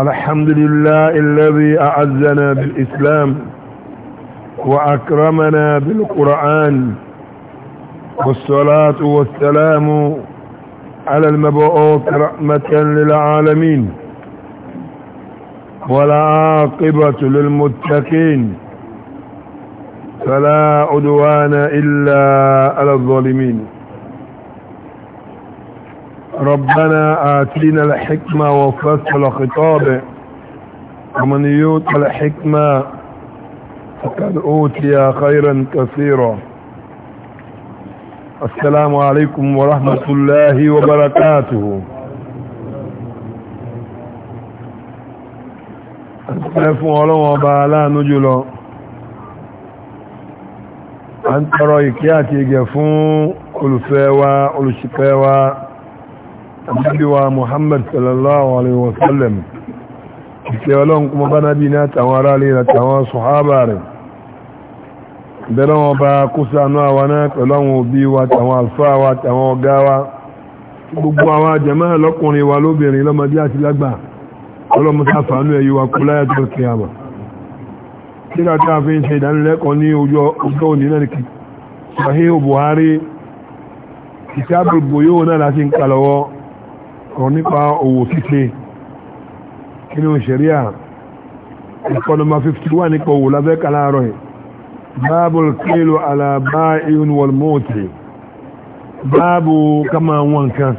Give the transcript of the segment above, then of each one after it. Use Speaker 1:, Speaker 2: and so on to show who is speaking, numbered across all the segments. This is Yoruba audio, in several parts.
Speaker 1: الحمد لله الذي أعزنا بالإسلام وأكرمنا بالقرآن والصلاة والسلام على المبعوث رحمة للعالمين والعاقبة للمتقين فلا عدوان إلا على الظالمين ربنا آتينا الحكمة وفصل خطابه ومن يوت الحكمة فقد أوتي خيرا كثيرا السلام عليكم ورحمة الله وبركاته ẹfún ọlọ́wọ́n وبعلا aláàánú أنت رأيك يا tọrọ ìkẹ́ àti ìgẹ̀ fún olùfẹ́ nabi wa muhammad sallallahu alaihi wasallam ìkẹ́ ọlọ́run kuma bá nábi ní àtàwọn ará lè àtàwọn sọ̀hábà rẹ̀ bẹ̀rẹ̀ wọn bá kó sánú àwọn náà pẹ̀lú àwọn òbí wa àtàwọn alfáà wa àtàwọn ọ̀gá gbogbo àwọn àjẹmọ́ lọ́kùnrin wa lóbìnrin lọ́mọdé àti lágbà ọlọ́mọta fàánú ẹ̀yí wa kú láyà tó kí àmà tí fi ń ṣe ìdánilẹ́kọ̀ọ́ ní ọjọ́ òní náà kí Sahih Buhari kìtàbù bòyó náà láti ń ọ̀rọ̀ nípa owó kíkẹ kí ni òṣèríà ẹ̀kọ́ nọmba 51 nípa owó lábẹ́ kaláàrọ̀ báàbùl kílò alàbá ihun wọlmọ́ọ̀tì báàbù kama wọn kan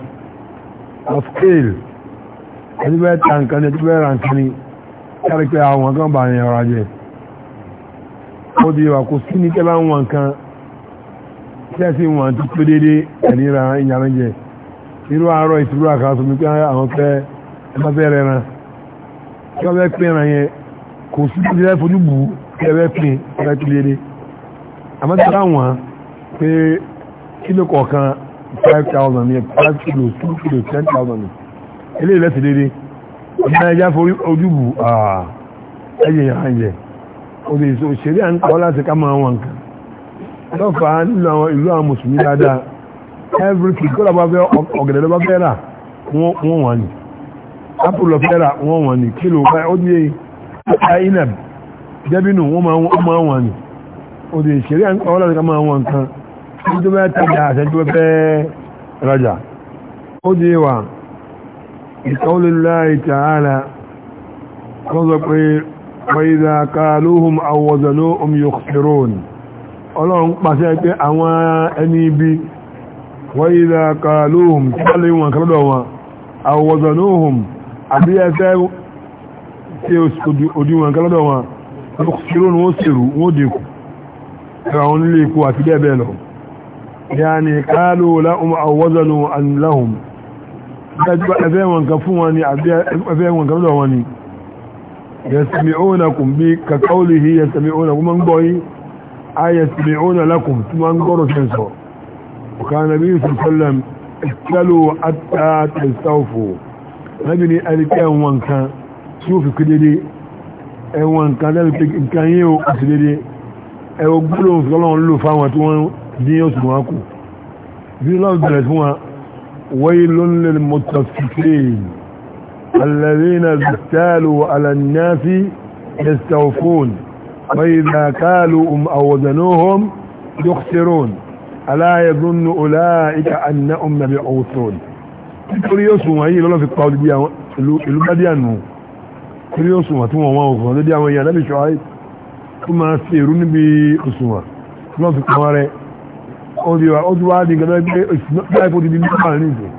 Speaker 1: of scale ẹni bẹ́ẹ̀ ta nǹkan ní ẹni bẹ́ẹ̀ ra nǹkan ní kárí pé àwọn kan bá ní ọ̀rọ̀ ajẹ́ irú àárọ̀ ìtìrú àkàtò mi pé àwọn pẹ́ ẹ má bẹ́ẹ̀ rẹran kí wọ́n bẹ́ẹ̀ pín ẹran yẹn kò sí bí ẹ fojú bù ú kí ẹ bẹ́ẹ̀ pín ẹ bẹ́ẹ̀ léde àmọ́ tí pé kílò kọ̀ọ̀kan five thousand yẹn five kilo two kilo ten thousand yẹn eléyìí lẹ́sìn léde ọ̀nà ẹja forí ojú bù ẹyẹ yàrá yẹ òṣèré à ń kọ́ láti ká máa wọn kan lọ́fàá nílò àwọn ìlú àwọn mùsùlùmí dáadáa everything kó lọ́ba fẹ́ ọ̀gẹ̀dẹ̀ lọ́ba fẹ́ rà wọ́n wọ́n ni apple lọ́ba fẹ́ rà wọ́n wọ́n ni kílò ó di inab dẹ́bínú wọ́n máa wọ́n ni ó di ìṣeré ọlọ́dún ká máa wọ́n kan ní tó fẹ́ tajà àṣẹ tó fẹ́ rajà ó di wà ìkọ́lélá ta'ala wọ́n sọ pé wàíza kàlóhùn àwọ̀zànó omi yóò fẹ́rọ̀ ọlọ́run pàṣẹ pé àwọn ẹni bíi وإذا قالوهم تعلموا وكردوا أو وزنوهم أبي أساو سيسكدوا وكردوا يخسرون وسروا وديكوا فرعون ليكوا في بيبالهم يعني قالوا لهم أو وزنوا أن لهم أفهم وانكفوني أفهم وانكفوني يسمعونكم بك قوله يسمعونكم من بوي أي يسمعون لكم ثم انقروا سنسوا وكان النبي صلى الله عليه وسلم اكلوا حتى تستوفوا نبي ني الكان وانكان شوف كديدي اي وانكان ده كان يو كديدي اي وغلون فلون لو فاون تو وان دي يو تو اكو ويل للمتففين الذين اكتالوا على الناس يستوفون فإذا كالوا أم أوزنوهم يخسرون ألا يظن أولئك أنهم مبعوثون nítorí yóò sùn wọ́n yìí lọ́lọ́ fi pa olùgbé àwọn ìlú bádíànù nítorí yóò sùn wọ́n tí wọ́n wọ́n òkùn lódí àwọn èèyàn lẹ́bí ṣọ́áì tó máa ṣe èrú níbi òṣùwọ̀n lọ́n fi pa wọ́n rẹ̀ ó ti wá ní gẹ́gẹ́ pé láìpò ti di ní pàrọ̀ ní ìsìn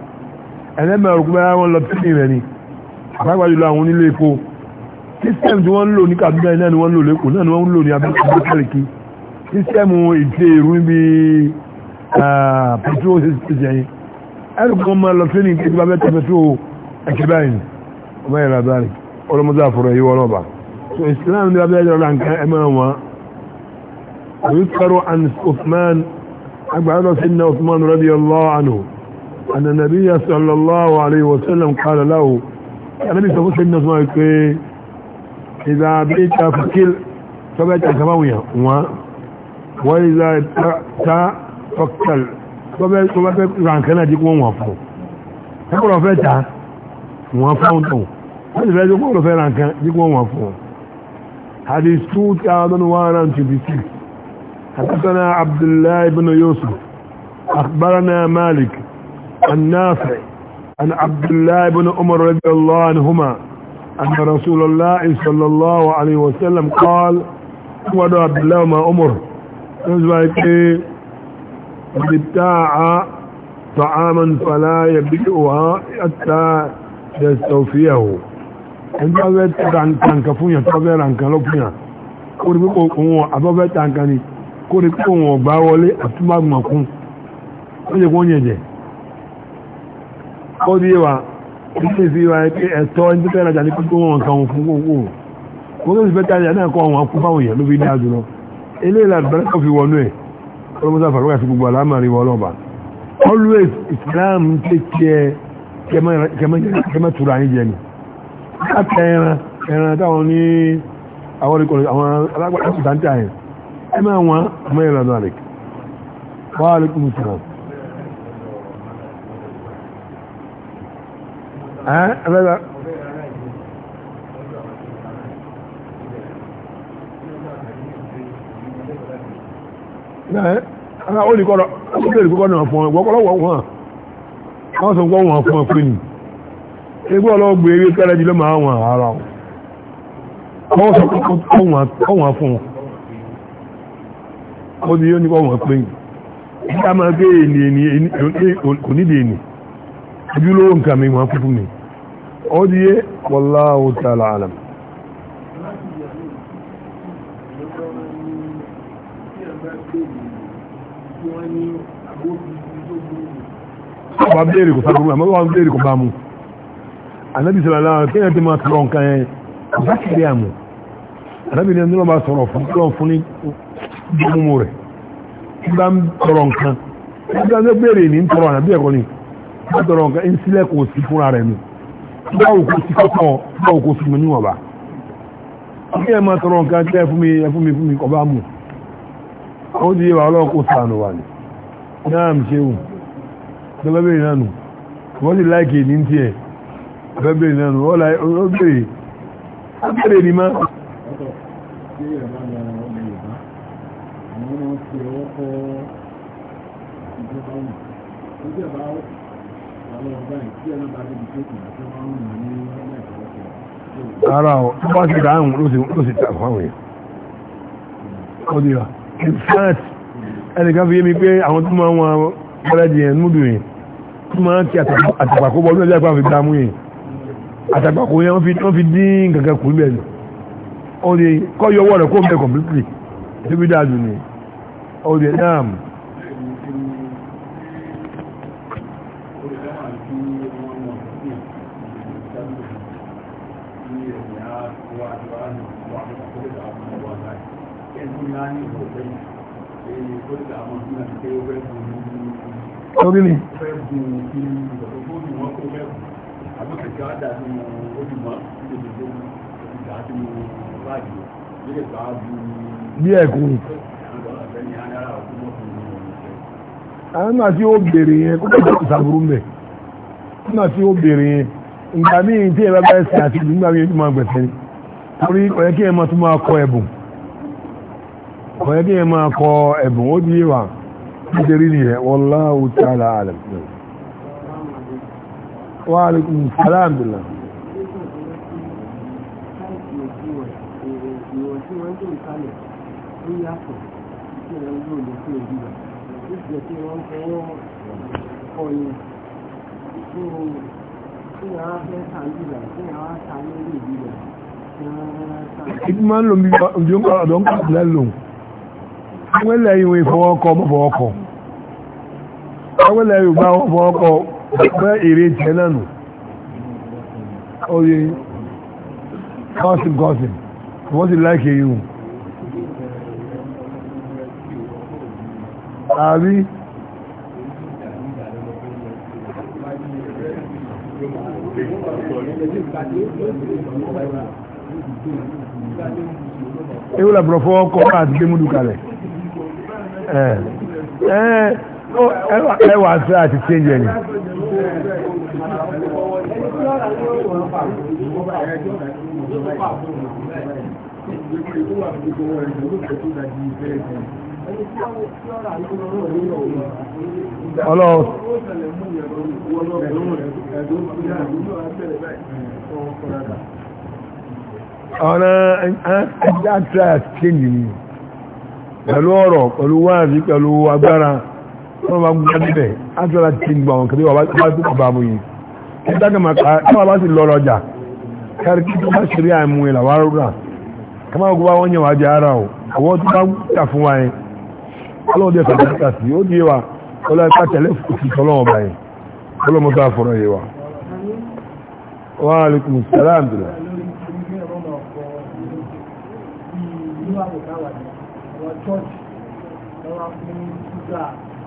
Speaker 1: ẹlẹ́mẹ̀ ọ̀rùn pé wọ́n lọ tẹ́lẹ̀ ni wọ́n lò ní náà ni wọ́n lò lẹ́kọ̀ọ́ náà ni wọ́n ń lò ní Ah, pẹ̀tró ṣe ti jẹ́ yìí ẹ̀rùkọ́ máa lọ sí ní ìgbà mẹ́ta pẹ̀tró ẹ̀kẹ́ báyìí ọmọ ìrà báyìí ọlọ́mọdé àfọ̀rọ̀ yìí wọ́n ọba so islam ní abẹ́ ẹ̀rọ nǹkan ẹ̀mọ́ wọn àbí karo an Uthman agbára lọ sí ní Uthman radiyallahu anhu anna nabiyya sallallahu alayhi wa sallam qala lahu ẹ̀rẹ́bí sọ fún sí ní Uthman pé ìdá àbíkà fìkìl sọ́bẹ̀ẹ́ta kàmáwìyàn wọn wọ́n ìdá ta ọ̀kẹ́l tó bá fẹ́ rànkẹ́ náà dínkù wọ́n fún ẹkùnrọ̀ fẹ́ ta wọ́n fún tó wọ́n sì fẹ́ dínkù wọ́n fẹ́ rànkẹ́ dínkù wọ́n fún hadith 2126 حدثنا عبد الله بن يوسف أخبرنا مالك النافع عن عبد الله بن عمر رضي الله عنهما أن رسول الله صلى الله عليه وسلم قال ودع عبد الله ما أمر نزل ابتاع طعاما فلا يبيعها حتى يستوفيه ẹgbẹ́ ọgbẹ́ tàǹkà fún yàn tọ́gbẹ́ ràǹkà lọ fún yàn kó rí pípò òun àbọ́gbẹ́ tàǹkà ni kó rí pípò òun ọ̀gbá wọlé àtúmàgbàkún ó jẹ́ kó yẹ̀jẹ̀ ó dí wà ilé sí wa pé ẹ̀tọ́ ẹni tó tẹ́rajà ní pípò wọn kan fún owó kó tó sì fẹ́ tàjà náà kọ́ àwọn akúfáwọn yẹn ló fi dáa jùlọ ilé ìlànà fi wọnú ẹ̀ ọlọ́mọdé àfàlọ́gbà sí gbogbo alámàrí wọ ọlọ́ọ̀bà always islam take care kẹmẹ́ tura ní jẹ ni káàkiri ẹran ẹran táwọn ní àwọn ìkọlù àwọn alágbàtà ti tàǹtà yẹn ẹ máa wọn ọmọ ìrìn àdàlẹ̀ wà á lẹ́kùn mùsùlùmí
Speaker 2: ẹ́ ẹ̀rẹ́dà
Speaker 1: ara ó ní kọ́rọ̀ ó ni ara ọ ní yóò ní mi mi wallahu ta'ala alam ọba bèèrè kò sàgbọ́n àmọ́ wọ́n bèèrè kò bá mu anábì sọ̀rọ̀ aláwọ̀ kéèyàn ti máa tọrọ nǹkan yẹn kò bá ti rí àmọ́ anábì ní ẹni bá sọ̀rọ̀ fún kí tọrọ nǹkan kí bá ń bèèrè ní ń ni bá tọrọ nǹkan ń sílẹ̀ kò sí fúnra rẹ̀ mi bá òkú sí kọ́kọ́ bá òkú sí mi níwọ̀n bá kí ẹ máa tọrọ nǹkan kí ẹ fún mi ẹ fún mi ó di ìwà ọlọ́kùn sànù wà ní náà mi ṣe wù tó bá wọ́n sì láìkè ní tí ẹ̀ bá bèèrè náà nù ó bèèrè ó bèèrè ara ọ̀ tó bá ti dáhùn ló sì tàbí àwọn èèyàn ó dìra in fact ẹnìkan fi yé mi pé àwọn tó máa wọn bọ́lẹ́dì ẹ̀ yìí tí máa ń ti àtàkpàkó bọ́ lórí ẹgbẹ́ àfihàn mú yìí àtàkpàkó yẹn wọ́n fi dín kankan kù níbẹ̀ ó di kọ́ yọ wọ́ọ̀rẹ̀ kó mẹ́ kọ̀mpútì tó fi dáadùn ni o di naam.
Speaker 2: Thank you. orí ni bí ẹ̀kùn
Speaker 1: àwọn àti ó bèèrè yẹn kó kọjá ìsàbúrú mẹ́ àwọn àti ó bèèrè yẹn ìgbà míì tí ẹ̀rọ bẹ́ẹ̀ sí àti ìgbà míì máa torí ọ̀yẹ́ kí ẹ máa tún máa kọ ẹ̀bùn ọ̀yẹ́ kí ẹ máa kọ ẹ̀bùn ó di wà دريني والله تعالى أعلم وعليكم السلام بالله ìgbìmọ̀ lòmí ọjọ́ ọ̀dọ́ ń kàbílẹ̀ lòun wọ́n lẹ́yìn ìfọwọ́kọ̀ mọ́fọwọ́kọ̀ àwọn ilẹ̀ yorùbá wọn fọ ọkọ̀ pẹ́ èrè tiẹ̀ náà nù oye gossip gossip wọ́n ti láìkè yìí àbí
Speaker 2: ewu làbúrò fọwọ́ kọ́ àti gbé múdù kalẹ̀
Speaker 1: ẹ̀ẹ́ ẹwà sí àti change ẹni ọlọ́wọ́ ọ̀nà ẹgbẹ́ àti change ni pẹ̀lú ọ̀rọ̀ pẹ̀lú wáàbí pẹ̀lú agbára wọ́n máa gbá níbẹ̀ ájọ́lá ti gbà wọn kìí wà bá tó bá mú yìí ìdájọ́ máa ká káwà bá sì lọ́rọ̀ ọjà kárí kí tó bá ṣeré àìmú ìlà wà rúra ká máa gbọ́ wọ́n yẹn o àwọn tó bá gbà fún wa yẹn ọlọ́run dẹ̀ fẹ̀dẹ̀ kíkà sí ó di wa ọlọ́run ká tẹ̀lé fòsì tọ́lọ́run ọba yẹn ọlọ́run tó àfọ̀rọ̀ yẹn wa. wa alaikum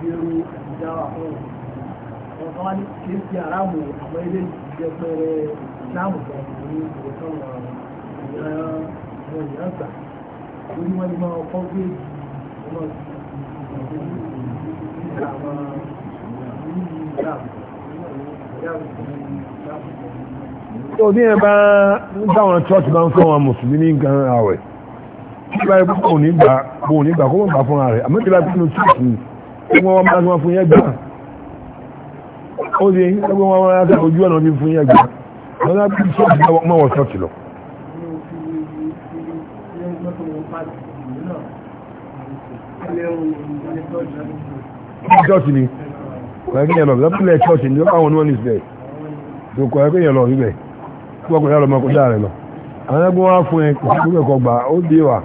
Speaker 2: ìgbéró ìjára fún òun wọn kọ́ wá ní kí n fi aráàmù àwọn ilé ìjẹ pẹrẹ ìsáàmù kan ní ìwé kan wọn àwọn èèyàn gbà lórí wọn ni wọn kọ́ gbé wọn ìgbà àwọn
Speaker 1: òní ẹ̀ bá ń dáwọn chọ́ọ̀tì bá ń fún àwọn mùsùlùmí ní nǹkan àwẹ̀ tí báyìí kò ní gbà kó mọ̀ gbà fúnra rẹ̀ àmọ́ tí báyìí kò ní chọ́ọ̀tì wọ́n wọ́n máa fún yẹ́ gbà ó di ẹ̀yìn ẹgbẹ́ wọn wọ́n láti ojú ọ̀nà bí fún yẹ́ gbà wọ́n láti ṣe ìgbà mọ́ wọ́n sọ́ọ̀tì lọ. ṣọ́ọ̀tì ni kò yẹ kí yẹn lọ lọ́pìlẹ̀ ṣọ́ọ̀tì ni lọ́pàá wọn ní wọ́n ní ìsìlẹ̀ tó kò yẹ kí yẹn lọ àwọn ẹgbẹ́ wọn fún ẹ̀kọ́ gbà ó di wa.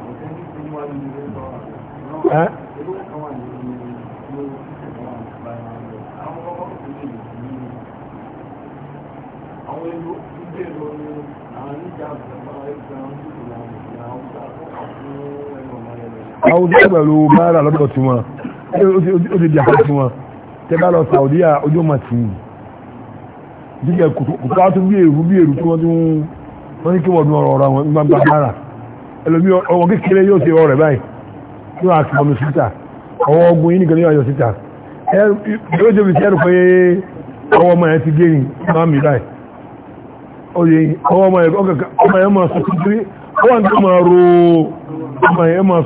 Speaker 1: àwọn ojú ẹgbẹ̀rún náírà lọ́dọ̀ tí wọn ó ti di àpá tí wọn tẹ bá lọ Saudi ojú ọmọ tì í ọrụ kùtù á tún bí èrú bí èrú tí wọ́n tún wọ́n ní kí wọ́n dún ọ̀rọ̀ ọ̀rọ̀ àwọn gbangba ẹlòmí ọwọ́ kékeré yóò báyìí wọ́n á wọ́n tó máa ro àwọn o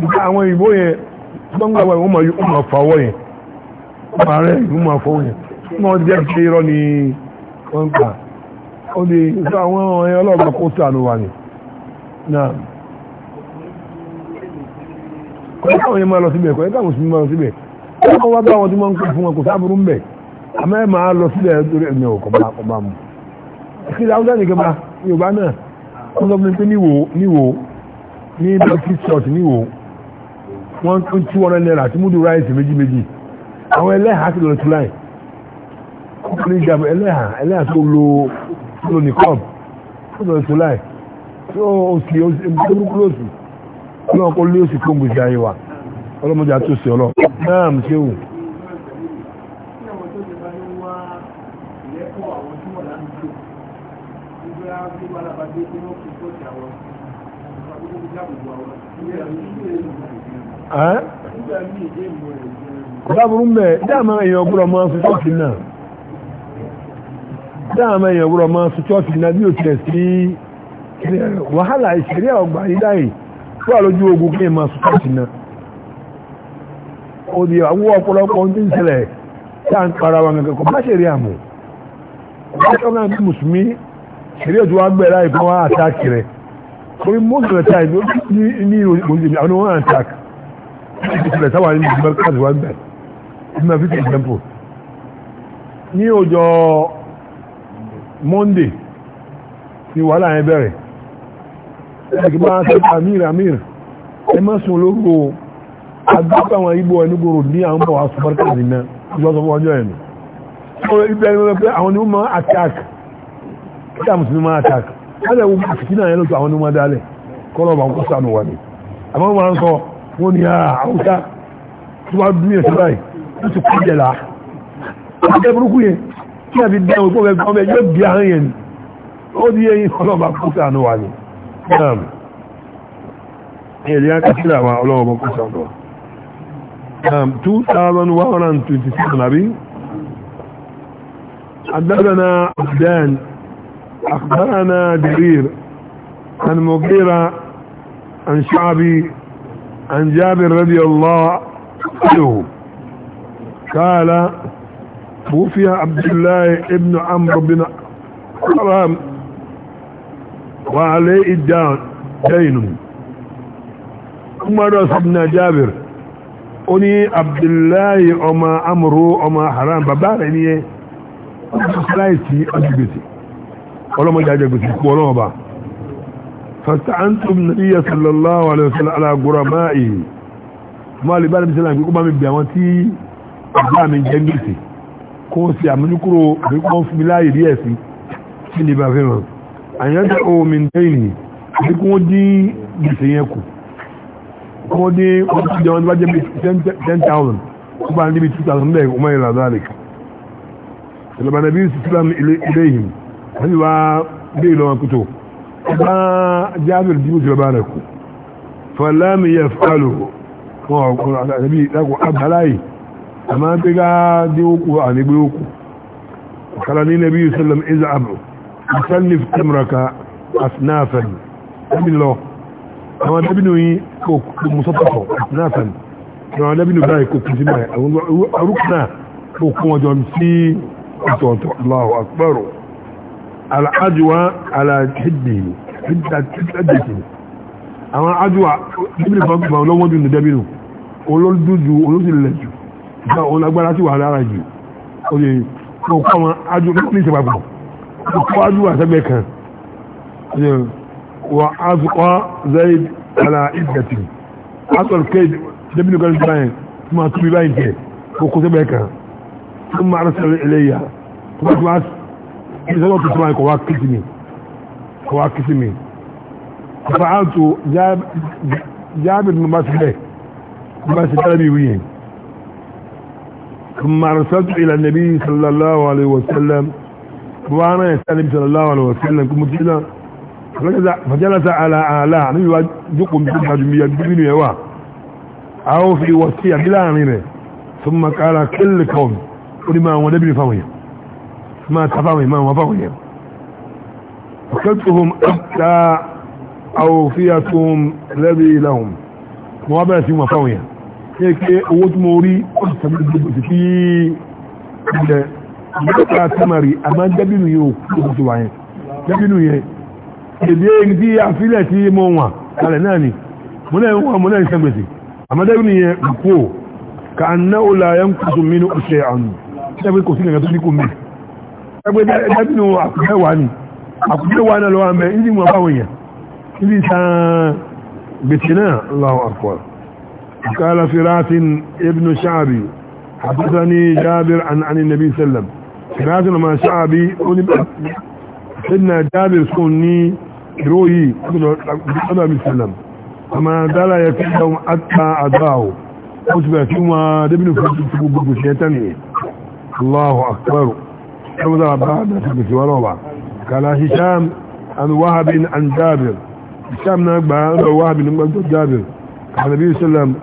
Speaker 1: ju àwọn ìbò yẹn gbọ́ngbàwà wọ́n máa yóò máa fàwọ́ yẹn ààrẹ ìlú máa fọ́wọ́ yẹn wọ́n jẹ́ ṣe irọ́ ni wọ́n ń pa ó di àwọn ọlọ́ọ̀gbà kó sàánú wà ní náà kọ́ẹ̀kọ́ yẹn máa ìkílẹ̀ haúsá nìkan bá yorùbá náà wọ́n sọ fún mi pé níwò níwò ní baptist church níwò wọ́n tún tí wọ́n náírà tí múdù ráìsì méjì méjì àwọn ẹlẹ́hà ti lọ sí láì kọ́kùnrin ìjàmbá ẹlẹ́hà ẹlẹ́hà tó lo tó lo nìkan tó lọ sí láì tó o sì o sì tó burúkú lóṣù ọlọ́run kó lé oṣù kó ń gbèsè ayé wa ọlọ́mọdé àtúnṣe ọlọ́ náà ṣéwù. kọ́láburú mẹ́ dáàmà èèyàn gbúrọ̀ máa fi ṣọ́ọ̀tì náà dáàmà èèyàn gbúrọ̀ máa fi ṣọ́ọ̀tì náà bí sí wàhálà ìṣẹ̀rí ṣọ́ọ̀tì náà àwọ́ ń ṣẹlẹ̀ ṣeré òjò wa gbẹ láì fún wa àtàkì rẹ̀ orí most of the time ó ní ní ìròyìn àwọn ohun àtàkì ìpìlẹ̀ sáwà ní ìgbìmọ̀ káàdì wa gbẹ ìgbìmọ̀ fi ti ní ọjọ́ Monday ni wàhálà yẹn bẹ̀rẹ̀ ẹgbẹ́ máa ṣe amir amir ẹ má sùn lóko agbábọ̀ àwọn igbó ẹnugoro ní àwọn bọ̀ wá sùpàrọ̀ káàdì náà ìjọsọ̀ fún ọjọ́ ẹ̀nu ibẹ̀ ni wọ́n pẹ́ àwọn ni wọ́n máa attack ìdá musulmi máa tàk káàdà ìwọ̀n yẹn lóṣù àwọn onímọ̀ dálẹ̀ kọ́lọ̀ bá ń kọ́ sànù wà ní àmọ́ ọmọ abdan أخبرنا جرير عن مغيرة عن شعبي عن جابر رضي الله عنه قال توفي عبد الله ابن عمرو بن حرام وعليه الدان دين عمر بن جابر oni عبد الله amuru عمرو haram حرام rẹ̀ ní أجبتي ọlọ́mọdé ajẹ́gbèsè pọ̀ náà bá fasta'antum nabiyya sallallahu alaihi wasallam ala ghurama'i máa lè bá níbi sílẹ̀ àgbékọ́ bá mi bì àwọn tí ọ̀gá mi jẹ́ gbèsè kó sì àmójúkúrò àgbékọ́ fún mi láàyè díẹ̀ sí kí ni bá fẹ́ wọn àyàn tẹ́ omi tẹ́yìn ní kí wọ́n dín gbèsè yẹn kù wọ́n yìí wá bí ìlọ́wọ́ kútó bá jábìr bí mo ti lọ́ba rẹ̀ kú fọlámi yẹ fọlù wọn ọkùnrin àtàbí ìdákùn abdullahi àmà gbégá dé òkú ànígbé òkú kala ní nàbí sallam iza abu musallif tamraka asnafan ẹbí lọ àwọn dábìnú yìí kò musọ́tọ̀tọ̀ asnafan àwọn dábìnú báyìí kò kìí báyìí al'ajuwa al'adini àwọn ajuwa níbi ìfọ́gbà olówójú ní dẹ́bìnù olóòdújú olóòsìlẹ̀jù ìgbà olágbára tí wà lára jù oye ọkọ̀ àwọn ajuwa ní ìṣẹ̀pàpọ̀ ọkọ̀ ajuwa sẹ́gbẹ̀ kan wà áfíkọ́ zaid ala'idati asọ̀rọ̀ kéèdè dẹ́bìnù kan báyìí tí ma túbí báyìí tẹ́ kókó sẹ́gbẹ̀ kan ìṣẹ́lọ́ tuntun wáyé kò wá kìsì mi kò wá kìsì mi kòfà áàtò jáàbì ní bá sílẹ̀ ní bá sí tẹ́lẹ̀mì wíyẹn kùmàrùsátù ilẹ̀ nàbí sallallahu alaihi wasallam wọ́n rẹ̀ sálẹ̀mì sallallahu alaihi wasallam kùmù tí náà fajalasa ala ala níbi wá jókòó mi tó gbàjú mi yàgbé nínú ẹwà àwọn fi máa ta fáwọn ìmọ̀ wọn fáwọn yẹn ọ̀kẹ́tùhùn àtà àwòfíàtùhùn lẹ́bí ìlàhùn wọ́n bẹ̀rẹ̀ sí wọn fáwọn yẹn ní pé owó tí mo rí ọ̀sẹ̀ àmọ́dẹ́bìnrin yẹn kò kò ka annáwó la yẹn kùsùn mínú ọ̀ṣẹ́ àánú ṣẹ́gbẹ́ kò sí nìkan tó ní kò mìí ẹgbẹ́ dábìnú àkùnfẹ́wà ní àkùnfẹ́wà náà lọ́wọ́ mẹ́ ní mọ̀ báwọn yẹn níbi ìtàn gbèsè náà lọ́wọ́ àkọ́ قال فرات ابن شعبي حدثني جابر عن عن النبي صلى الله عليه وسلم فرات مع شعبي سيدنا جابر سكني روي قال النبي صلى الله عليه وسلم فما دل يفيدهم حتى أداه أتبع ثم دبن فجد الله أكبر حفظ عبادة بس وربع قال هشام عن وهب عن جابر هشام نقبع عن وهب عن جابر قال النبي صلى الله عليه وسلم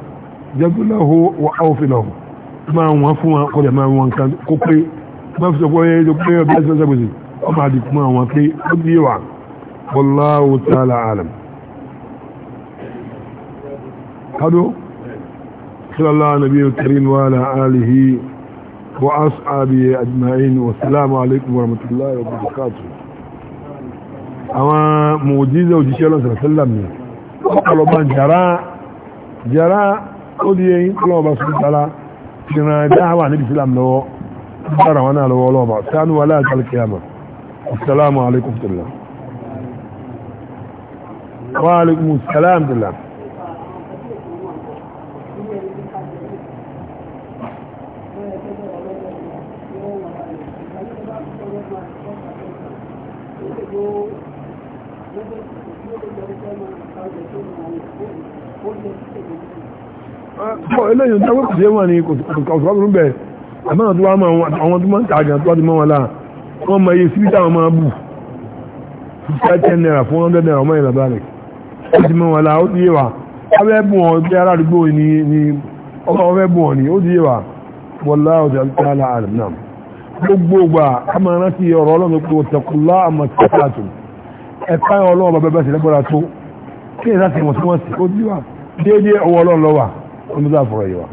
Speaker 1: جد له ما هو فما قد ما هو كان كوبي ما في سوى يدوبي بس بس وما عندك ما هو في يوع والله تعالى عالم هذا صلى الله على النبي الكريم وعلى آله وأصحابي أجمعين والسلام عليكم ورحمة الله وبركاته àwọn mòjíza òjíṣẹ́ lọ́sẹ̀ sẹ́lẹ̀m ni ọ̀pọ̀lọpọ̀ jàrá jàrá ó di eyín ọlọ́ọ̀bá sọ́tara ti ràn dáhàwà níbi sílám lọ́wọ́ dára wọn náà lọ́wọ́ ọlọ́ọ̀bá sánú wà láàkàlì kìyàmà assalamu alaikum tìlá wa alaikum salam tìlá eléyìí tó wípé ṣe wọn ni kòsòkòsòkòsò bẹ̀ àmọ́ tó wá mọ àwọn tó máa ń ta àgàn tó wá ti mọ́ wọn láà wọ́n mọ iye síbí táwọn máa bù fífẹ́ ten naira four hundred naira ọmọ ìlànà balẹ̀ ó ti mọ́ wọn láà ó ti yé wa ọfẹ́ bù wọn bí ará àdúgbò ni ni ọfẹ́ bù wọn ni ó ti yé wa wọlá ọjà tààlà àlùm náà gbogbo gbà a máa rántí ọ̀rọ̀ ọlọ́run pé òtẹ̀kùlá àmọ̀ tẹ́kàtù ẹ̀ka ọlọ́run bàbá bẹ́ẹ̀ láti wọ̀n ọlọ́run onígbà fọ̀rọ̀ yìí wa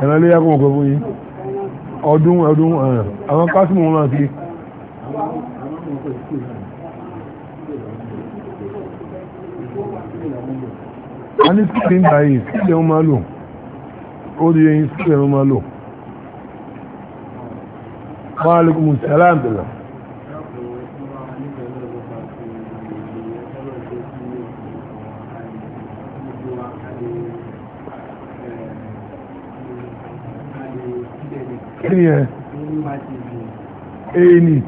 Speaker 1: ẹ̀rọ ilé yàgò ọ̀gbẹ́ fún yín ọdún ọdún àwọn kásìmù wọn máa fi a ní sílẹ̀ ń gbà yìí sílẹ̀ wọn máa lò ó di yẹn sílẹ̀ wọn máa lò wa alaikum
Speaker 2: kí ni ẹ̀ ẹni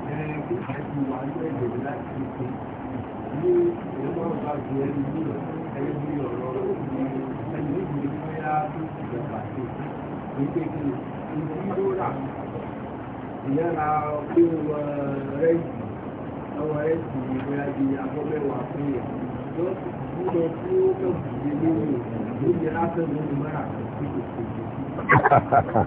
Speaker 2: ìyára pé wọ́n rẹ̀ ọwọ́ rẹ̀ sì ìgbéra di agbọ́mẹ́wàá fún yẹ̀ lọ́wọ́ tí ó kẹ́kọ̀ọ́ ìdílé lórí ìdílé lásán lórí mọ́ra àti ìdílé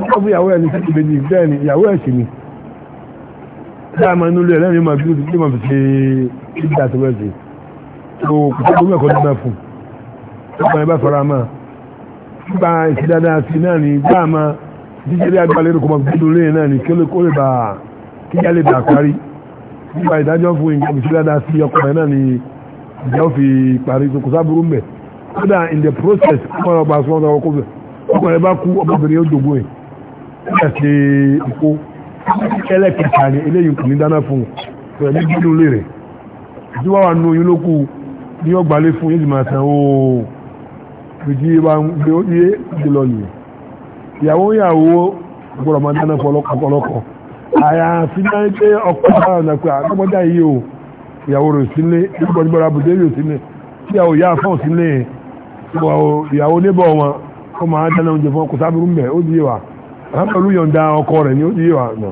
Speaker 1: ní ọ̀fún ìyàwó ẹ̀ ní sí ìbejì ìyàwó ẹ̀ ni dáàmà inú ilé ẹlẹ́rìí máa bí ó ti ṣe ìgbà tó wẹ̀ tó kò tó ẹ̀kọ́ tó máa fún ọkọ̀ ẹ̀ fara máa nípa ìṣe dáadáa sí náà ni dáàmà jíjẹ́ bí agbára lérò kó máa gbọ́dọ̀ lé náà ni kí ó lè bá kíjà lè bà parí nípa ìdájọ́ fún nǹkan ìṣe dáadáa sí ọkọ̀ ẹ̀ náà ni ìjà fi parí kò sábúrú mẹ́ kódà in the process kọ́mọ̀ ọba sọ́ọ́ ọkọ̀ ẹ̀ bá kú ọmọbìnrin ó dògbò ẹ̀ ẹ̀sẹ̀ ìkó ẹlẹ́kẹta ni eléyìí kò ní dáná fún un ẹ̀mí gbínú lè rẹ̀ tí wọ́n wà nù oyún ló kù ní ọgbàlé fún yéjì máa san ooo ìdí wa ń gbé yé jùlọ nìyẹn ìyàwó ìyàwó gbọ́dọ̀ máa dáná fún ọlọ́kọ̀ àyàfi náà pé ọkọ̀ náà nà pé àgbọ́dá yìí o ìyàwó rẹ̀ sílé ìgbọ̀nìgbọ̀n àbùdé àmàlú yọ̀ǹda ọkọ rẹ̀ ni ó yé wa nà.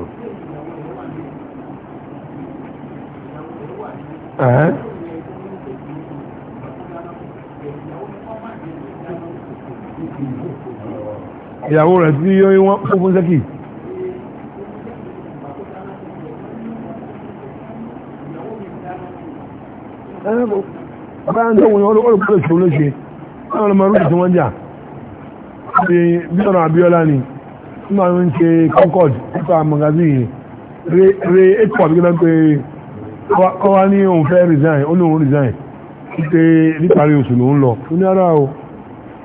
Speaker 1: ìyàwó rẹ̀ tí yọ wọ́n kó fún sẹ́kì. báyọ̀ ń tọ́wọ́ olùkọ́ lè ṣe olóṣe báwọn ọmọ rúkì tí wọ́n jà bí ọ̀nà Abíọ́lá ni ma ń ṣe concord nípa magazine re ekpo àbíkí náà pé kọ́ wá ní òun fẹ́ resign ó ní òun resign pé níparí oṣù ló ń lọ ó ní ara o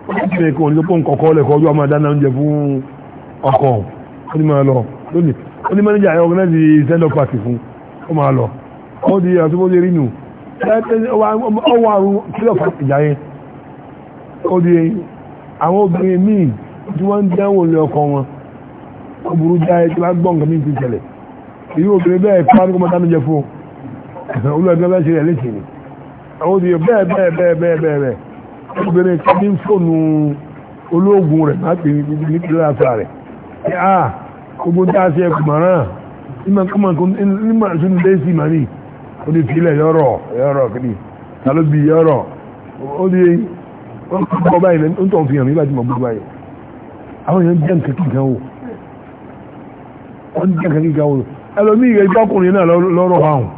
Speaker 1: ó ti ṣe kí wọ́n ní kọ̀ọ̀kọ́ lẹ̀kọ́ ọjọ́ máa dáná oúnjẹ fún ọkọ̀ ó ní máa lọ lónìí ó ní manager ẹ̀ organize send-up party fún ó máa lọ ó di àtúbọ̀dé rí nù ó wà àrùn kílọ̀ fàtí ìjà yẹn ó di àwọn obìnrin míì tí wọ́n ń dánwò lé ọkọ̀ wọn ó burú jáyé tí wọ́n gbọ́ nǹkan mi ti tẹ̀lẹ̀ èyí obìnrin bẹ́ẹ̀ pa ní kọ́mọ́tà mi jẹ fún olùwẹ̀gbẹ́ bẹ́ẹ̀ ṣe rẹ̀ léṣe ni àwọn òdìyẹ bẹ́ẹ̀ bẹ́ẹ̀ bẹ́ẹ̀ bẹ́ẹ̀ bẹ́ẹ̀ bẹ́ẹ̀ obìnrin kan ní fóònù olóògùn rẹ̀ má pè ní kílẹ̀ àṣà rẹ̀ ẹ á gbogbo tá a ṣe ẹkù mọ̀ràn nígbà kọ́mọ̀ nígbà tó ń dé sí màrí ó di fílẹ̀ yọ̀rọ̀ yọ̀rọ̀ kiri tàló bi yọ̀rọ̀ ó di ó kọ́ báyìí ń tọ́ fi hàn mí bá gbogbo báyìí àwọn èèyàn jẹ́ nǹkan kíkan o wọ́n jẹ́ kẹ́kẹ́ ga oòrùn ẹlòmí ìgbẹ́ ìgbọ́kùnrin náà lọ́rọ̀ ahùn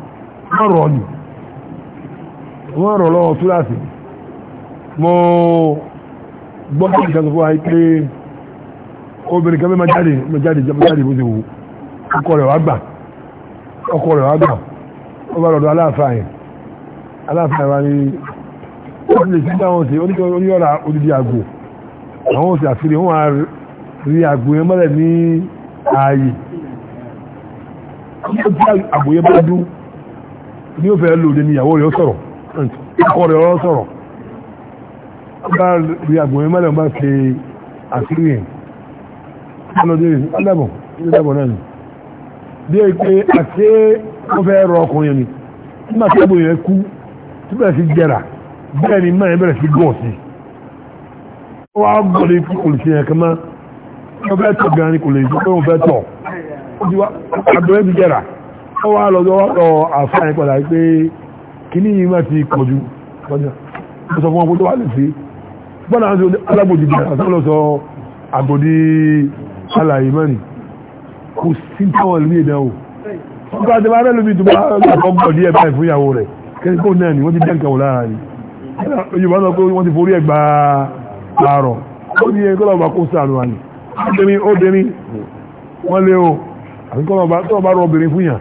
Speaker 1: wọ́n rọ̀ ní wọ́n rọ̀ lọ́wọ́ túláàsì mo gbọ́kùn ìjọsọ fún àìpé obìnrin kan mẹ́ jáde jáde bó ti wù ọkọ rẹ̀ wá gbà ọkọ rẹ̀ wá gbà ó bá lọ́dọ̀ aláàfáàyàn aláàfáàyàn wá ní ó ti lè sí dáwọn sí oníyọ́ra odidi àgbò àwọn òsì tí àgbòyẹ bá dún ní ó fẹ́ lòdì ní ìyàwó rẹ̀ ó sọ̀rọ̀ ọkọ rẹ̀ ó sọ̀rọ̀ bá rí àgbòyẹ mẹ́lẹ̀ bá ṣe àṣírí bẹ́ẹ̀ni mẹ́rin bẹ̀rẹ̀ sí gọ́ọ̀ sí wọ́n á gbọ́dọ̀ ikú kò lè ṣe ẹ̀kẹ́ máa ọbẹ̀ tọ̀ gan ni kò lè ṣe pé wọ́n fẹ́ tọ̀ àgbẹ̀rẹ̀ ti jẹ́ra wọ́n wá lọ́jọ́ ọ̀rọ̀ àfáàní padà pé kíní yìí máa ti kọjú kọjá ó sọ fún wọn kó tó wà lè sí bọ́nà àti alábòjì bí àtàwọn lọ sọ àgbòdì alàyè mọ́ni kò sí táwọn ìlú èdè o wọ́n bá ti máa rẹ́ lómi tó bá lọ́kọ́ gbọ̀ díẹ̀ báyìí fún ìyàwó rẹ̀ kẹ́kẹ́ kó náà ni wọ́n ti dẹ́ nǹkan wò lára yìí yorùbá sọ pé wọ́n ti forí ẹ̀ gba àárọ̀ wọ́n lé o àti kọ́lọ̀ bá rọ obìnrin fún yàn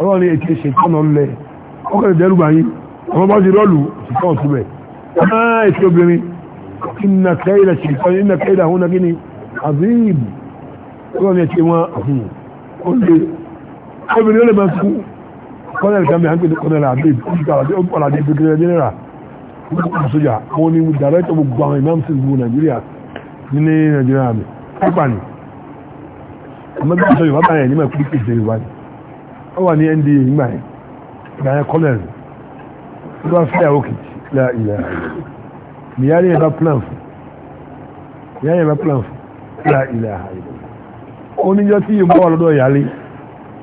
Speaker 1: ọlọ́rin ètí ìṣẹ̀tọ́nà lẹ̀ ọkọ̀ ìdẹ́rùgbà yìí ọmọ bá ti rọ́ọ̀lù ìṣẹ̀tọ́ ọ̀túnbẹ̀ ọmọ ètí obìnrin iná kẹ́ìlà ṣètọ́ iná kẹ́ìlà àwọn ọ̀nà gíní azim ọlọ́rin ètí wọn àhùn ó lè obìnrin ó lè máa kú kọ́nẹ̀lì kan bí hàn pé kọ́nẹ̀lì abib ọ̀làdé gbẹgbẹrẹ jẹ́nẹ́rà sójà wọn àwọn imam sí wọ́n sọ yorùbá báyẹn ní ó wà ní nda ìgbà yẹn ìgbà yẹn kọ́lẹ̀n ó bá fẹ́ àwọn kìtì la ilẹ̀ nìyá yẹn bá plan fún nìyá yẹn bá plan fún la ilẹ̀ ó níjọ́ tí yìí bá wà lọ́dọ̀ yàrá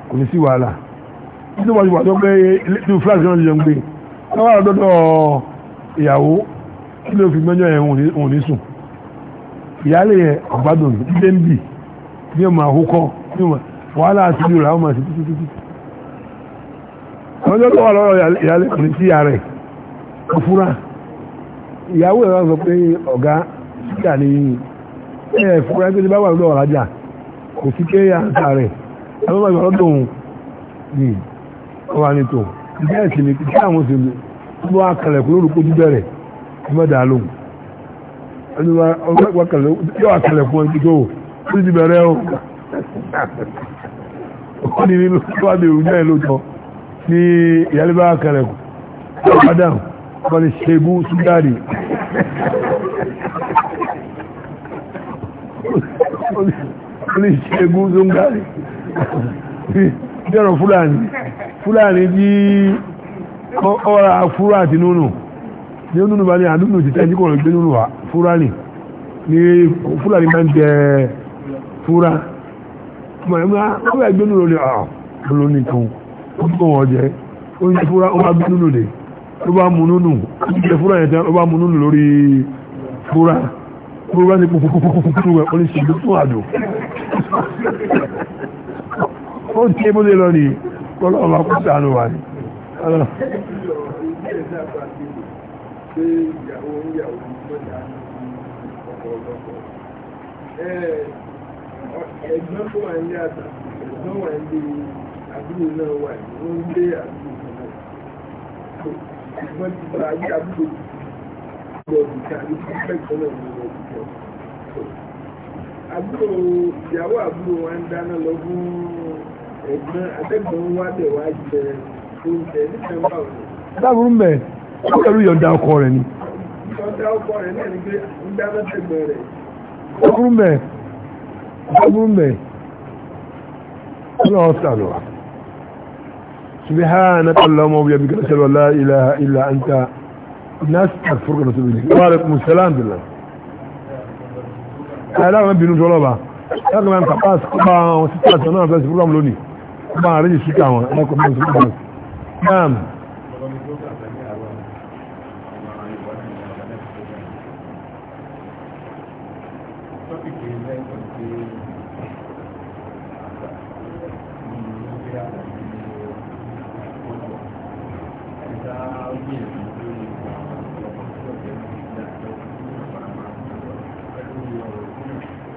Speaker 1: kò ní sí wàhálà nínú wàjú wàjú pé ní flag náà jẹun gbé wọ́n wà lọ́dọ̀ ìyàwó kí ló fi mẹ́jọ yẹn òun ní sùn ìyáálé yẹn ọ̀gbádùn ní dé ń bì ní ọmọ àhókọ́ wàhálà àti ìlú rà ọmọ àti títí títí àwọn ọjọ́ tó wà lọ́rọ̀ ìyálé kò ní sí ara ẹ̀ kò fúra ìyàwó ẹ̀ wọ́n sọ pé ọ̀gá síkà ní ẹ̀ fúra pé bá wà lọ́dọ̀ ọ̀rajà kò sí pé àǹtà rẹ̀ àwọn ọmọ ìgbàlọ́ tó ń wà ní tò bẹ́ẹ̀ sì ni kí àwọn sì ní tó wà kalẹ̀ kó lórúkọ ojú bẹ̀rẹ̀ kí mọ́ dà lóhùn ẹni wà kalẹ̀ fún ẹni tó ó ti bẹ̀rẹ̀ ó ní nínú tó wà ní ìrùjọ́ ẹ̀ lóòótọ́ ní ìyálébá kẹrẹ̀kù adam kọlẹ̀ ṣẹ́gun súgbàrí kọlẹ̀ ṣẹ́gun súgbàrí jẹ́rọ fúlàní fúlàní jí ọwọ́ra fúra àti núnù ní ó núnù bá ní àdúgbò ti tẹ́ jíkọ̀rọ̀ gbé núnù wà fúra ní fúlàní máa ń jẹ fúra ọmọ ẹgbẹ́ núnù lórí ọ̀rọ̀ lónìí kan ó kó wọ́n jẹ́ ó yẹ fúra ó bá bí nínú lè ó bá mú nínú ó yẹ fúra yẹn tán ó bá mú nínú lórí fúra fúra ní púpúpúpúpú rẹ̀ ó ní ṣe ìlú fún àdó ó ń
Speaker 2: tẹ́ àbúrò náà wà ní wọ́n ń lé àbúrò náà wọ́n ti bá ayé àbúrò lọ́dún ká ní pípẹ́ kan náà ní wọ́n jọ. àbúrò ìyàwó àbúrò wa ń dáná lọ fún ẹ̀gbọ́n akẹ́gbọ̀n wa bẹ̀ wá jẹ oúnjẹ nígbà bá wọn.
Speaker 1: dábùrú mbẹ ó pẹ̀lú yọ̀ǹda ọkọ rẹ̀ ni.
Speaker 2: yọ̀ǹda ọkọ rẹ̀ náà ni pé ń dáná tẹ̀gbọ̀n rẹ̀. dábùrú
Speaker 1: mbẹ dábùrú mbẹ ọlọ́run sàlùwà. سبحانك اللهم وبحمدك نشهد ان لا اله الا انت نستغفرك ونتوب اليك وعليكم السلام بالله لا ما بينو جلوبا لكن انا كباس كبا وستات انا بس بروجرام لوني ما رجي شيكا ما
Speaker 2: نعم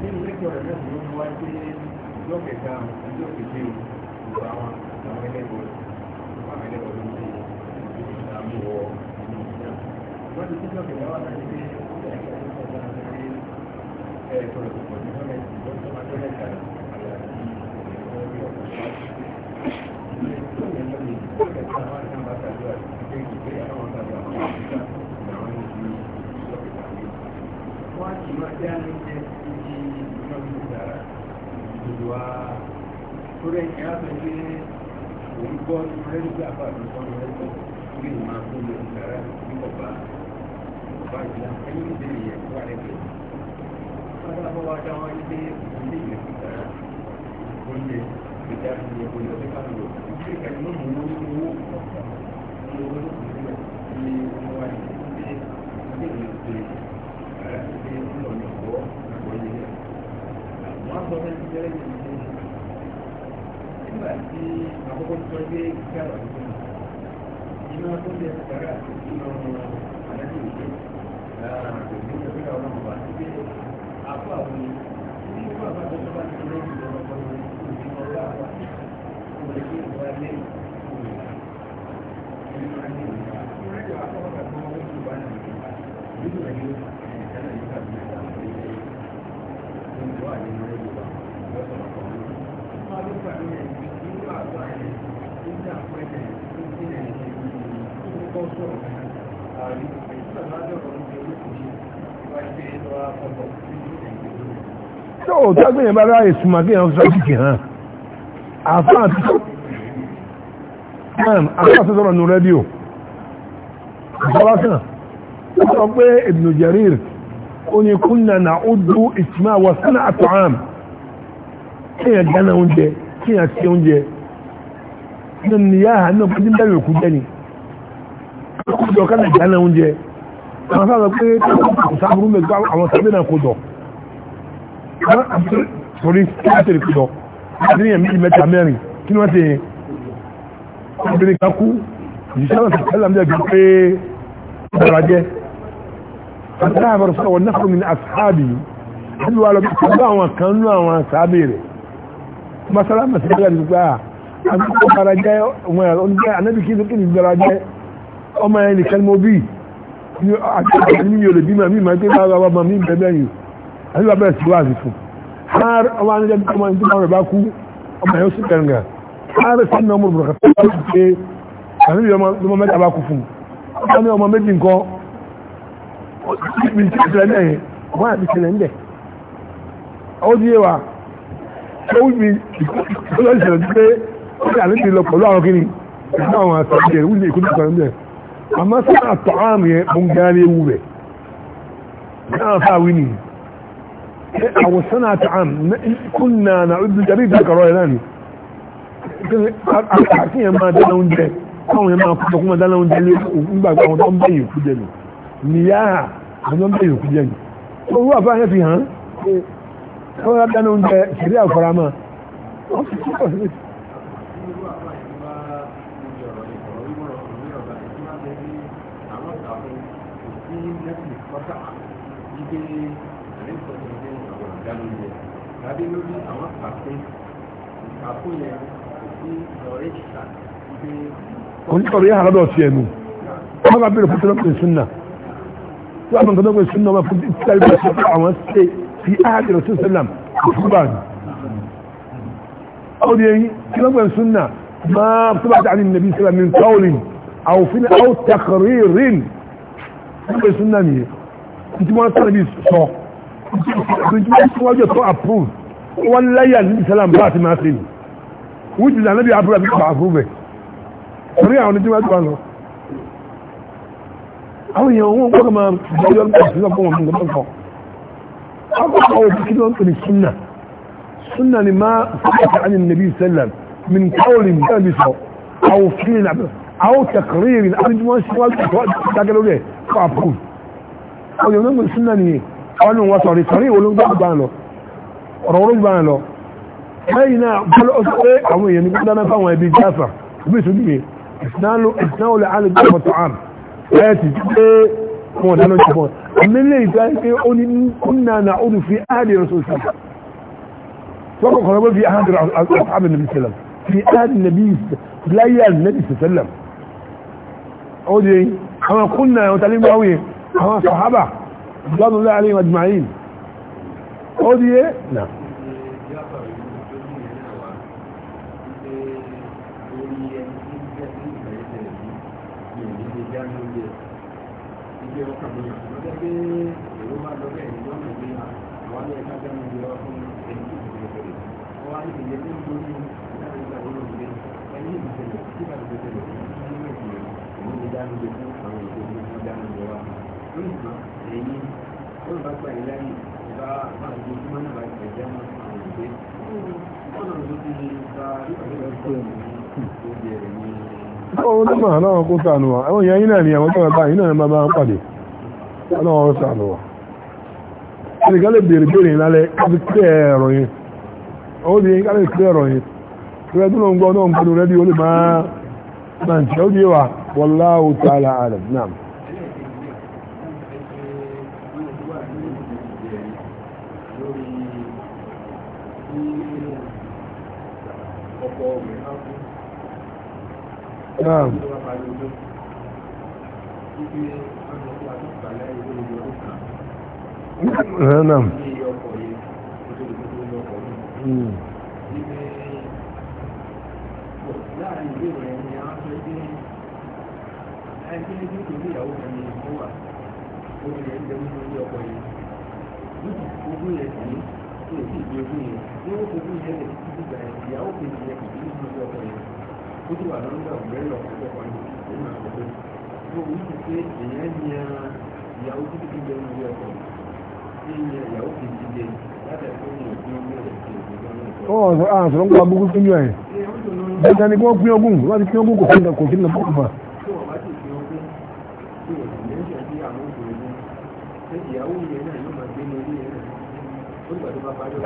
Speaker 2: nínú lẹ́kọ̀ọ́ rẹ̀ náà ló mú wá sí ọjọ́ kẹta ọjọ́ kẹta ìgbà àwọn àwọn ẹlẹ́gbọ̀n àwọn ẹlẹ́gbọ̀n ló ń ṣe ìdààmú wọ inú ìjà wọ́n ti tọ́jọ́ kẹta wá láti ṣe ọjọ́ kẹta ìgbà àti ẹ̀ẹ́dọ̀rọ̀ Thank you wá lórí ẹ̀yìn àbẹ̀ pé òun gbọ́ lẹ́gbẹ̀ẹ́ àbàdàn kan lẹ́gbẹ̀ẹ́ bí òun máa kó lè gbàrà ní ọ̀bá ọ̀bá ìlà ẹni ìdílé yẹn tó wà lẹ́gbẹ̀ẹ́. Fádà bọ́ wá dá wọn ilé ilé ìwé gbàrà oúnjẹ ìjà ìyẹn kò lọ sí káàlù ìgbé ẹ̀yìn ló mú owó owó ní owó wáyé ilé ìwé gbàrà ilé ìwé wọ́n sọ fẹ́ẹ́ ti jẹ́rẹ́ yìí ní nígbà tí àkókò tó gbé gáàrà tó iná tó lè gáàrà tó iná àdájọ́ ìṣe òní ìjọba ọ̀nà ọ̀bà ti gbé àpò àwọn ní ìlú àbájọ tó bá ti gbé ìlú ọ̀pọ̀ ìlú ọ̀gá àpá tó lè gbé ìwà ilé ìlú ìlú àkọ́kọ́ kan tó wọ́n ń bá ìlú ìlú ìlú ìlú ìlú ìlú tó
Speaker 1: o tó gbìyànjú bá ráyè súnmọ́ kí èèyàn sọ kìkì hàn àfáà tó mẹ́rin àfáà rẹ́díò ìjọba kan sọ pé Ibn Jarir oni kúnnà na ọdún ìtìmá wà sánà àtọ̀hán kíyà gánà oúnjẹ kíyà sí oúnjẹ nínú níyà hà náà bọ́dí bẹ̀rẹ̀ òkú jẹ́ ni kójọ kánà gánà oúnjẹ àwọn sábà pé sábúrú mẹ́gbà àwọn sábẹ́ náà kójọ sọrí kíátẹ̀rẹ̀ kójọ àdínyàn méjì mẹ́ta mẹ́rin فذهب رسول والنفر من أصحابه حلو على بحبه وكانوا وصابيره مثلا مثلا يقول أنا أرجع أنا بكيف كيف أرجع أما يعني كلمة بي àtàkùnrin yóò lè bí màmí màá tí bá wà màmí bẹ̀bẹ̀ yìí ẹlúwà bẹ̀rẹ̀ sí wáàzì fún har ọmọ anìjẹ́ ọmọ ẹni tó bá rẹ̀ bá kú ọmọ ẹ̀yọ́ sí kẹrìngà har sí ní ọmọ òbúrọ̀kà tó bá ọmọ mẹ́ta nǹkan ibi ìṣẹ̀lẹ̀ náà yẹn wọ́n àti ìṣẹ̀lẹ̀ ń bẹ̀ ó di wa ó wí ìkọ́lọ́ ìṣẹ̀lẹ̀ pé ó dà níbi lọ pẹ̀lú àwọn kìnnì ìṣẹ̀lẹ̀ àwọn àtàkì ẹ̀ wúlò ìkúndùn kan bẹ̀ àmọ́ sí àtọ̀ àmì yẹn mo ń gan ní ewu bẹ̀ náà fà wí nìyí àwọn sánà àtọ̀ àmì kúnnà náà ó dùn jáde ìdàkọ̀rọ̀ ẹ̀ náà ni àkíyàn máa dáná oúnjẹ káwọn yẹn máa kọ́ níyàá àwọn ọmọ yòókù jẹ́ ni owó fi hàn án wọ́n dáná oúnjẹ ìṣẹ̀rí àfọ́ramọ́ oníkọ̀rọ̀ yẹ́ àrọ́dọ̀ sí ẹnu wọ́n bá bẹ̀rẹ̀ fún tẹ́lẹ̀kùn ìsúnnà وأما قدام السنة ما كنت تتكلم في أحد الرسول صلى الله عليه وسلم أخبرني أقول يعني كلام السنة ما طبعت عن النبي صلى الله عليه وسلم من قول أو فين أو تقرير كلام السنة مية كنت ما نصر النبي صلى كنت ما نصر صلى أبروف ولا يا النبي صلى الله عليه وسلم بات ما فيه وجد النبي عبر الله أبروفه سريع ونجمع أدوانه àwọn èèyàn wọn kọ́kọ́ máa gbọ́dọ̀ nípa ìṣúná fún wọn nígbà kan akọ́kọ́ òfin kí ló ń pèlè súnà súnà ni máa sọ́kàtà àni nàbí sẹ́lẹ̀ min káwọlì níbi sọ àwọn òfin ní àbẹ̀ àwọn tẹkìrìrì àti tí wọ́n ṣe wá dákẹ́ lórí ẹ̀ fún àpò àwọn èèyàn náà súnà nìyẹn àwọn ni wọ́n sọ̀rọ̀ ìtọ́rí ìwọlé gbàgbà lọ ọ̀rọ̀ wọ́n gbà lọ lẹ́yìn ẹ̀ ti pé wọn dáná jù fún àmìlẹ̀ ìgbà pé ó ní nínà ó ní fi áàdì rẹ̀ sọ́sọ́ tọ́kọ̀ kan lọ́gbẹ́ fi áàdì àmì nàbí sẹ́lẹ̀m fi áàdì nàbí láyé nàbí sẹ́lẹ̀m ó di àwọn kúnnà ọ̀tàlẹ́gbàwé àwọn sàhábà lọ́dún láàrin àjùmáyìn ó di kó sànù wa àwọn èèyàn yìí náà àwọn tọ́wọ́ báyìí náà bá ń pàdé ọlọ́wọ́ sànù wa ẹnìkan lè bèèrè bèèrè lálẹ́ káfí kílẹ̀ ẹ̀rọ yẹn ó di ká kílẹ̀ ẹ̀rọ yẹn rẹ tó ló gbọ́ náà ń pinnu rẹ́díò lè máa máa ń tẹ́ ó di wa wallahu ta'ala alam naam.
Speaker 2: Naam. Naam. Hmm. Ìyàwó kejì yẹn kìí ní ìlú ọkọ yẹn, ó ti wà lọ́dọ̀ ọ̀gbẹ́rẹ́ ọ̀pọ̀lọpọ̀ yìí, ó máa ń gbé gbogbo òun ti pé èèyàn ní ẹran ìyàwó tó ti jẹ oúnjẹ ọkọ tí ìyàwó ti ti jẹ látàrí pé ní òpin ọgbẹ rẹ ti òpin ọgbẹ rẹ. ọ̀
Speaker 1: àṣọ ń gba gbogbo fún yọ ẹ̀ bẹ́ẹ̀ ni wọ́n pín ogún wọ́n ti pín ogún kò fún ìdàkọ̀ kí ní ọkọ̀ fà.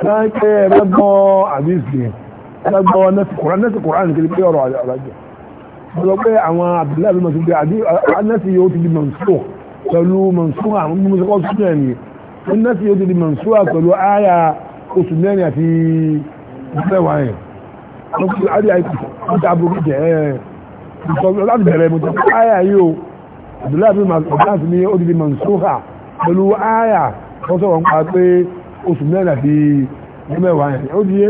Speaker 2: láìpẹ́ ẹ bá
Speaker 1: gbọ́ ọ̀rọ̀ ọlọ́pẹ́ àwọn abdullahi masu pé anẹ́sì yóò ti di mansour pẹ̀lú mansour àwọn mọ́sọ́kọ́ súnmọ́ ẹ̀mí anẹ́sì yóò ti di mansour pẹ̀lú àyà oṣù mẹ́rin àti mẹ́wàá yẹn lọ́pẹ́ àyà ìpìtà àbúrò jẹ́ ẹ̀ láti bẹ̀rẹ̀ mọ́tò àyà yóò abdullahi masu ní ó ti di mansour pẹ̀lú àyà wọ́n sọ̀rọ̀ pa pé oṣù mẹ́rin àti mẹ́wàá yẹn ó di yé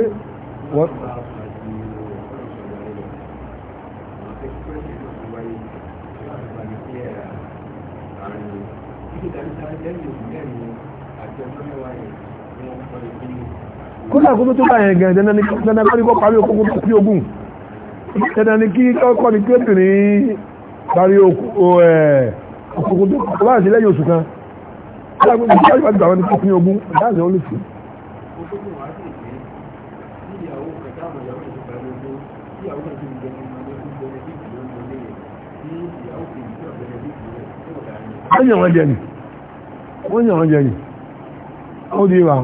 Speaker 1: kódà kó tó bá yẹn gẹ̀ẹ́ dandan kọ́ ní kọ́ parí okùn kó tó ogun dandan ni kí kọ́ ní kébìnrin parí okùn tó bá sí lẹ́yìn oṣù kan kódà tó pín ogun lè fi. wọ́n yàn wọ́n ni wọ́n yàn wọ́n jẹ ni ó di wa.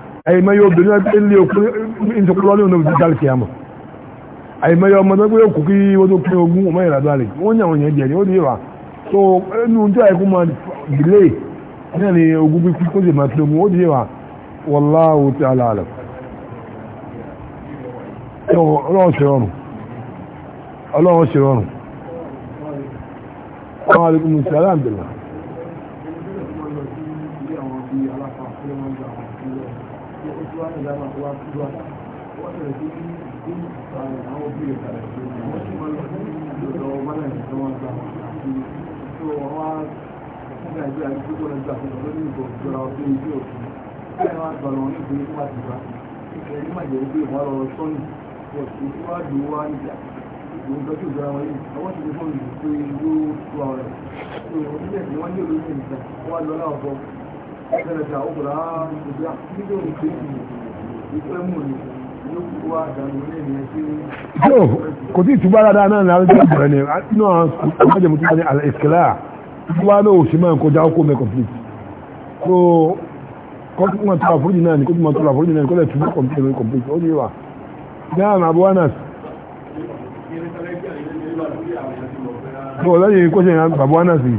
Speaker 1: àyèmọ́ yóò bẹ̀rẹ̀ ilé okùn ìtòkúrọ́ ní ọ̀nà ìdálẹ̀ kìí àmọ́ àyèmọ́ yóò ọmọdé pé òkú kí wọ́n tó pín ogún ọmọ ìrìnàjò àlè wọ́n ní àwọn èèyàn jẹ̀ ní ó dìrà so inú tó àyẹ̀kú máa dìlé náà ni ogún pípín kó sì máa pín ogún ó dìrà wallahu ta'ala alam ọlọ́run ṣe rọrùn ọlọ́run ṣe rọrùn
Speaker 2: Ìjọba ti wọ́n ní olóṣèlú ìta, wọ́n lọ láwọ̀ bọ́, ẹgbẹ̀rẹ̀ ta ó bùrá, ìgbà, nígbà òun kìí yóò kò
Speaker 1: tí ìtúgbà dáadáa náà ní àrídà àbúrẹ́ ni inú àwọn ọmọdéjẹ̀mú tó ní ìsìkìlá wá náà ò sí máa ń kọjá ókó mẹ́ complete so kọ́tùmọ̀ tó àforíjì náà ní kọ́tùmọ̀ tó àforíjì náà ní kọ́lẹ̀ túnbọ̀ complete mẹ́ complete ó yé wa dáhùn àbúwá náà so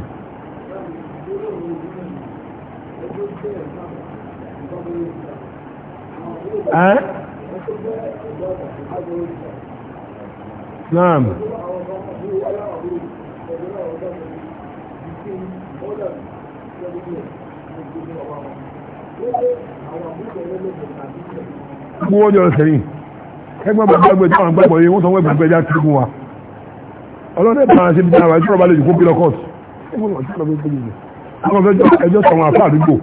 Speaker 1: Naam. Mú ọjọ́ ìṣẹ̀yìn, ẹgbẹ́ gbogbo ẹgbẹ́ àwọn gbogbo yìí wọ́n sanwó ẹgbẹ̀gbẹ̀ já tí gún wa. Ọlọ́dẹ̀ bá ṣe bí i àwọn ìṣọ́rọ̀ bá lè jù Ẹgbẹ́ ọjọ́ ẹjọ́ sanwó àfáà àdúgbò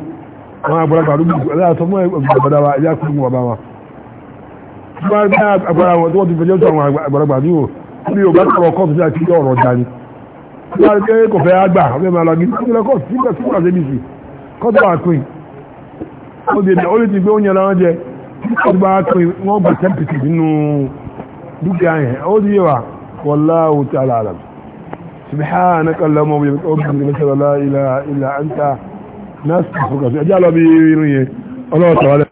Speaker 1: àwọn àgbàlagbà àdúgbò aláàtọ̀ mọ́ ìgbàgbàdà wa ẹ̀yà kúrò wọn bá wa bá bá agbára wọn tí wọ́n ti fẹjọ́ tó àwọn àgbàlagbà ní o ní o bá sọ̀rọ̀ kọ́ọ̀tù sí àti ọ̀rọ̀ dání bá rí pé kò fẹ́ àgbà ọ̀fẹ́ máa lọ ní ìpínlẹ̀ kọ́ọ̀tù sí ìgbà tí kò rà sí kọ́ọ̀tù wa pin ó dèbè ó lè ti gbé oúnjẹ náà jẹ kọ́ọ̀tù wa pin wọ́n gba ten nínú dúkìá yẹn ó di yẹ wa wallahu ta'ala alam subhanaka wa bihamdika náà sì fòkàsí ẹjá lọ bí irin yẹn ọlọ́ọ̀tọ̀ alẹ́